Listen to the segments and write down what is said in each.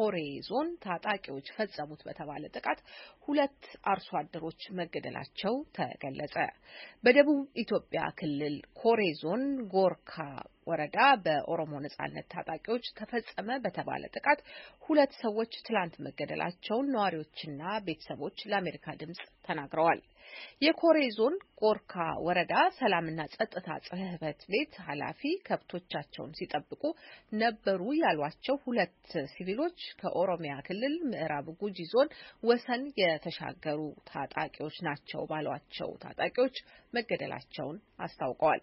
ኮሬ ዞን ታጣቂዎች ፈጸሙት በተባለ ጥቃት ሁለት አርሶ አደሮች መገደላቸው ተገለጸ። በደቡብ ኢትዮጵያ ክልል ኮሬ ዞን ጎርካ ወረዳ በኦሮሞ ነጻነት ታጣቂዎች ተፈጸመ በተባለ ጥቃት ሁለት ሰዎች ትላንት መገደላቸውን ነዋሪዎችና ቤተሰቦች ለአሜሪካ ድምጽ ተናግረዋል። የኮሬ ዞን ቆርካ ወረዳ ሰላምና ጸጥታ ጽሕፈት ቤት ኃላፊ ከብቶቻቸውን ሲጠብቁ ነበሩ ያሏቸው ሁለት ሲቪሎች ከኦሮሚያ ክልል ምዕራብ ጉጂ ዞን ወሰን የተሻገሩ ታጣቂዎች ናቸው ባሏቸው ታጣቂዎች መገደላቸውን አስታውቀዋል።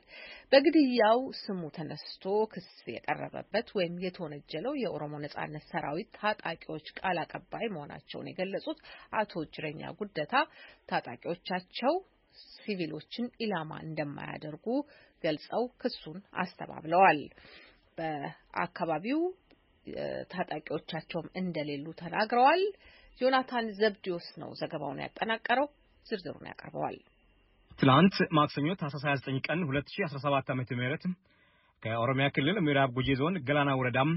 በግድያው ስሙ ተነስቶ ክስ የቀረበበት ወይም የተወነጀለው የኦሮሞ ነጻነት ሰራዊት ታጣቂዎች ቃል አቀባይ መሆናቸውን የገለጹት አቶ እጅረኛ ጉደታ ታጣቂዎቻቸው ሲቪሎችን ኢላማ እንደማያደርጉ ገልጸው ክሱን አስተባብለዋል። በአካባቢው ታጣቂዎቻቸውም እንደሌሉ ተናግረዋል። ዮናታን ዘብዲዮስ ነው ዘገባውን ያጠናቀረው፣ ዝርዝሩን ያቀርበዋል። ትላንት ማክሰኞ ታህሳስ 29 ቀን 2017 ዓ.ም ከኦሮሚያ ክልል ምዕራብ ጉጂ ዞን ገላና ወረዳም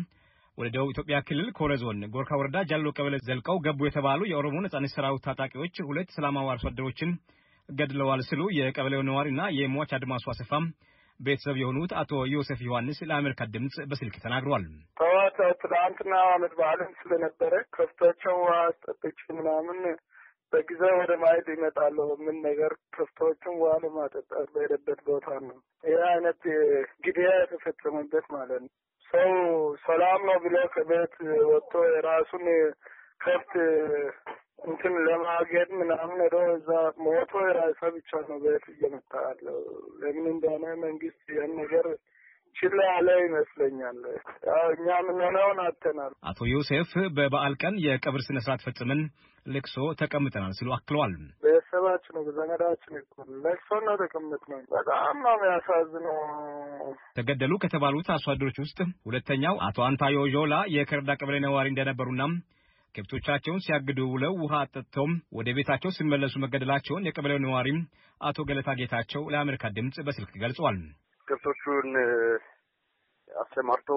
ወደ ደቡብ ኢትዮጵያ ክልል ኮረ ዞን ጎርካ ወረዳ ጃሎ ቀበሌ ዘልቀው ገቡ የተባሉ የኦሮሞ ነጻነት ሰራዊት ታጣቂዎች ሁለት ሰላማዊ አርሶ አደሮችን ገድለዋል ሲሉ የቀበሌው ነዋሪና የሟች አድማሱ አሰፋም ቤተሰብ የሆኑት አቶ ዮሴፍ ዮሐንስ ለአሜሪካ ድምፅ በስልክ ተናግሯል። ጠዋት ትላንትና አመት በዓልን ስለነበረ ከብቶቸው አስጠጥቼ ምናምን በጊዜ ወደ ማየት ይመጣለ ምን ነገር ከብቶቹን ውሃ ለማጠጣት በሄደበት ቦታ ነው ይህ አይነት ግድያ የተፈጸመበት ማለት ነው። ሰው ሰላም ነው ብሎ ከቤት ወጥቶ የራሱን ከብት እንትን ለማገድ ምናምን ዶ እዛ ሞቶ የራሰ ብቻ ነው በት እየመጣ ያለው። ለምን እንደሆነ መንግስት ይህን ነገር ችላ ያለ ይመስለኛል። እኛ ምንሆነውን አተናል። አቶ ዮሴፍ በበዓል ቀን የቀብር ስነ ስርዓት ፈጽመን ልቅሶ ተቀምጠናል ሲሉ አክለዋል። ቤተሰባችን ነው በዘመዳችን እኮ ለቅሶ ነው ተቀምጥ ነው። በጣም ነው የሚያሳዝነው። ተገደሉ ከተባሉት አርሶ አደሮች ውስጥ ሁለተኛው አቶ አንታዮ ዦላ የከረዳ ቀበሌ ነዋሪ እንደነበሩና ከብቶቻቸውን ሲያግዱ ውለው ውሃ አጠጥተውም ወደ ቤታቸው ሲመለሱ መገደላቸውን የቀበሌው ነዋሪም አቶ ገለታ ጌታቸው ለአሜሪካ ድምፅ በስልክ ገልጸዋል። ከብቶቹን አሰማርቶ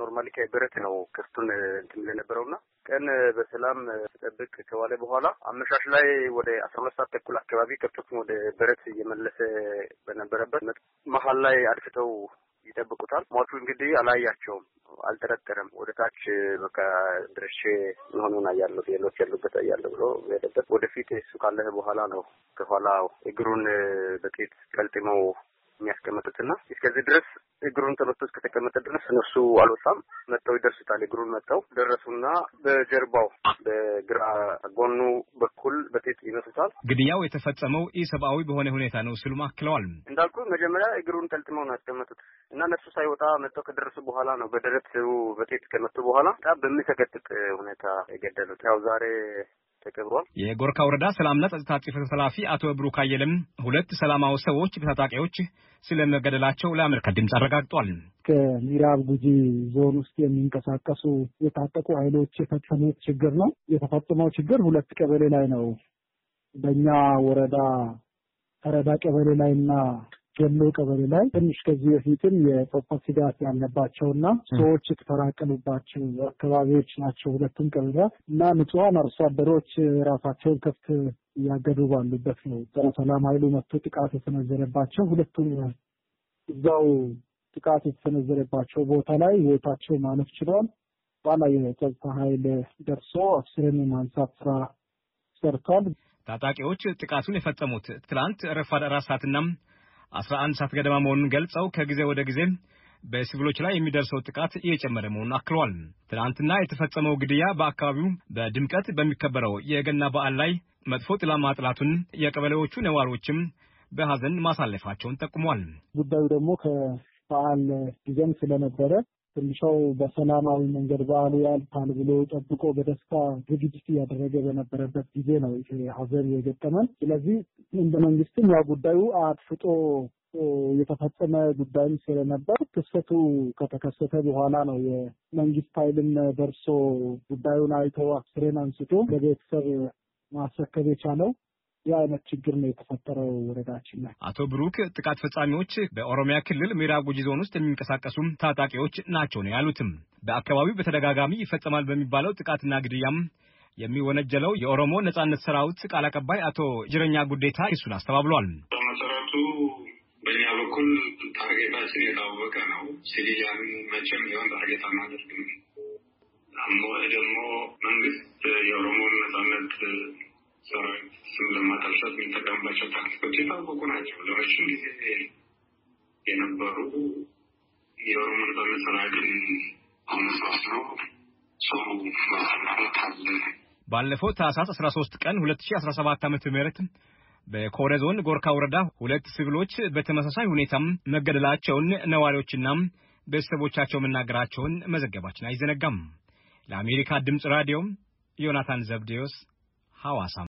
ኖርማሊ ከብረት ነው ከብቱን እንትን ለነበረውና ቀን በሰላም ስጠብቅ ከዋለ በኋላ አመሻሽ ላይ ወደ አስራ ሁለት ሰዓት ተኩል አካባቢ ከብቶቹን ወደ ብረት እየመለሰ በነበረበት መሀል ላይ አድፍተው ይጠብቁታል። ሞቱ እንግዲህ አላያቸውም፣ አልጠረጠረም። ወደ ታች በቃ ድርሼ መሆኑን አያለሁ፣ ሌሎች ያሉበት አያለሁ ብሎ ሄደበት። ወደፊት እሱ ካለህ በኋላ ነው ከኋላ እግሩን በጤት ቀልጥመው የሚያስቀምጡትና እስከዚህ ድረስ እግሩን ተመቶ እስከተቀመጠ ድረስ እነሱ አልወጣም። መጥተው ይደርሱታል። እግሩን መጥተው ደረሱና በጀርባው በግራ ጎኑ በኩል በቴት ይመቱታል። ግድያው የተፈጸመው ኢሰብአዊ በሆነ ሁኔታ ነው ሲሉም አክለዋል። እንዳልኩ መጀመሪያ እግሩን ጠልጥመው ነው ያስቀመጡት እና ነፍሱ ሳይወጣ መጥተው ከደረሱ በኋላ ነው በደረት በቴት ከመቱ በኋላ በጣም በሚሰቀጥጥ ሁኔታ የገደሉት። ያው ዛሬ ተከብሯል። የጎርካ ወረዳ ሰላምና ጸጥታ ጽሕፈት ኃላፊ አቶ ብሩክ አየለም ሁለት ሰላማዊ ሰዎች በታጣቂዎች ስለመገደላቸው ለአሜሪካ ድምፅ አረጋግጧል። ከምዕራብ ጉጂ ዞን ውስጥ የሚንቀሳቀሱ የታጠቁ ኃይሎች የፈጸሙት ችግር ነው። የተፈጸመው ችግር ሁለት ቀበሌ ላይ ነው። በእኛ ወረዳ ተረዳ ቀበሌ ላይና ገሎ ቀበሌ ላይ ትንሽ ከዚህ በፊትም የጦርነት ስጋት ያለባቸውና ሰዎች የተፈራቀሉባቸው አካባቢዎች ናቸው ሁለቱም ቀበሌያ እና ንጹሐን አርሶ አደሮች ራሳቸውን ከፍት እያገዱ ባሉበት ነው ጸረ ሰላም ኃይሉ መጥቶ ጥቃት የተሰነዘረባቸው ሁለቱም እዛው ጥቃት የተሰነዘረባቸው ቦታ ላይ ህይወታቸው ማለፍ ችሏል። ባላ የጸጥታ ኃይል ደርሶ አስርን የማንሳት ስራ ሰርቷል። ታጣቂዎች ጥቃቱን የፈጸሙት ትላንት ረፋድ አራት ሰዓትና አስራ አንድ ሰዓት ገደማ መሆኑን ገልጸው ከጊዜ ወደ ጊዜ በሲቪሎች ላይ የሚደርሰው ጥቃት እየጨመረ መሆኑን አክለዋል። ትናንትና የተፈጸመው ግድያ በአካባቢው በድምቀት በሚከበረው የገና በዓል ላይ መጥፎ ጥላ ማጥላቱን የቀበሌዎቹ ነዋሪዎችም በሀዘን ማሳለፋቸውን ጠቁሟል። ጉዳዩ ደግሞ ከበዓል ጊዜም ስለነበረ ሰው በሰላማዊ መንገድ በዓሉ ያልፋል ብሎ ጠብቆ በደስታ ዝግጅት እያደረገ በነበረበት ጊዜ ነው ሀዘን የገጠመን። ስለዚህ እንደ መንግስትም ያው ጉዳዩ አጥፍጦ የተፈጸመ ጉዳይም ስለነበር ክስተቱ ከተከሰተ በኋላ ነው የመንግስት ኃይልም ደርሶ ጉዳዩን አይቶ አስክሬን አንስቶ ለቤተሰብ ማስረከብ የቻለው። የአይነት ችግር ነው የተፈጠረው ወረዳችን ላይ። አቶ ብሩክ ጥቃት ፈጻሚዎች በኦሮሚያ ክልል ምዕራብ ጉጂ ዞን ውስጥ የሚንቀሳቀሱም ታጣቂዎች ናቸው ነው ያሉትም። በአካባቢው በተደጋጋሚ ይፈጸማል በሚባለው ጥቃትና ግድያም የሚወነጀለው የኦሮሞ ነጻነት ሰራዊት ቃል አቀባይ አቶ ጅረኛ ጉዴታ ይሱን አስተባብሏል። በመሰረቱ በእኛ በኩል ታርጌታችን የታወቀ ነው። ሲቪሊያን መቼም ቢሆን ታርጌት አናደርግም። ደግሞ መንግስት የኦሮሞ ነጻነት እሱን ለማጠርሰት የሚጠቀምባቸው ታክቲኮች የታወቁ ናቸው። ለረጅም ጊዜ የነበሩ የኦሮሞን በመሰራ ግን አመሳስለው ሰው ማሰማረት አለ። ባለፈው ታህሳስ 13 ቀን 2017 ዓ ም በኮረ ዞን ጎርካ ወረዳ ሁለት ሲቪሎች በተመሳሳይ ሁኔታም መገደላቸውን ነዋሪዎችና ቤተሰቦቻቸው መናገራቸውን መዘገባችን አይዘነጋም። ለአሜሪካ ድምፅ ራዲዮ ዮናታን ዘብዴዎስ ሐዋሳም